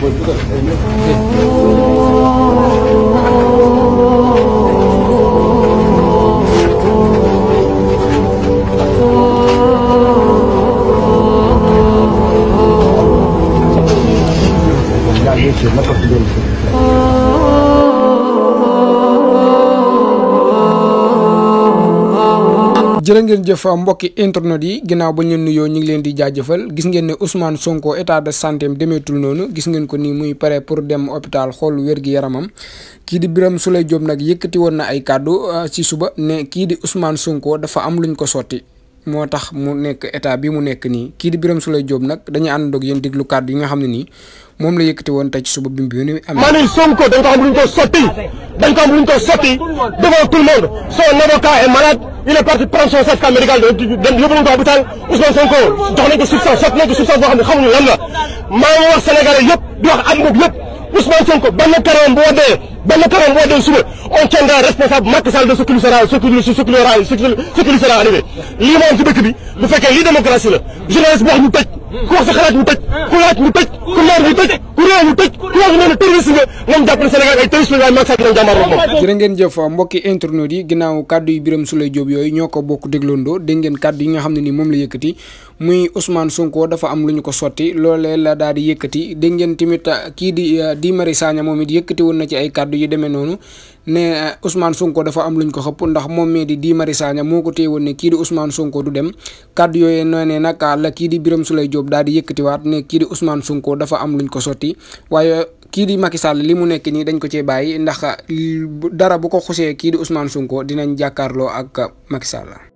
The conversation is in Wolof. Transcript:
보여주던 야, 이거 지금 막 jërë ngeen jëf mbokki internet yi ginnaaw ba ñu nuyoo ñu leen di jaajëfal gis ngeen ne Ousmane Sonko état de santé am demeetul noonu gis ngeen ko nii muy pare pour dem hôpital xool wér gi yaramam kii di biram su Souleye joob nag yëkkati woon na ay kàddu euh, ci suba ne kii di Ousmane Sonko dafa am luñ ko sotti moo tax mu nekk état bi mu nekk nii kii di Birame Souleye Diop nag dañuy àndandoog yéen diglu kàddu yi nga xam ne nii moom la yëkkati woon te ci suba bi bi ni am maanaam Sonko dañ ko am luñ ko sotti dañ ko am luñ ko sotti devant tout le monde son avocat est malade il est parti prendre son certificat médical de yóbbu ko hôpital Ousmane Sonko jox nañ ko substance sotti nañ xam ne xamuñu maa ngi wax sénégalais yëpp di wax am boobu yëpp Ousmane Sonko benn karoom bu waddee benn karoom bu waddee suba on tiendra responsable Macky Sall de ce qui lui sera ce qui lui sera arrivé lii moo am ci dëkk bi démocratie la journaliste bu wax ñu tëj ku wax sa xalaat ñu tëj ku laaj ñu tëj ku leer ñu tëj ku wax ne terroriste la waaye Macky Sall dina jàmbaar moom jërë ngeen jëf mbokki internautes yi ginnaaw kàddu yu Birame Souleye jóob yooyu ñoo ko bokk dégloondoo dégg ngeen kàddu yi nga xam ne ni moom la yëkkati muy Ousmane Sonko dafa am lu ñu ko sotti loolee la daal di yëkkati dégg tamit ah, kii di di ah, Mari Sagna moom it yëkkati woon na ci ay kàddu yu demee noonu ne ah, Ousmane Sonko dafa am luñ ko xëpp ndax moom mee di di Mari moo ko téye woon ne kii di Ousmane Sonko du dem kàddu yooyu ne nag la kii di Birame Souleye jóob daal di yëkkatiwaat ne kii di Ousmane Sonko dafa am luñ ko sotti waaye kii di Macky Sall li mu nekk nii dañ ko cee bàyyi ndax eh, dara bu ko xusee kii di Ousmane sunko dinañ jàkkaarloo ak Macky Sall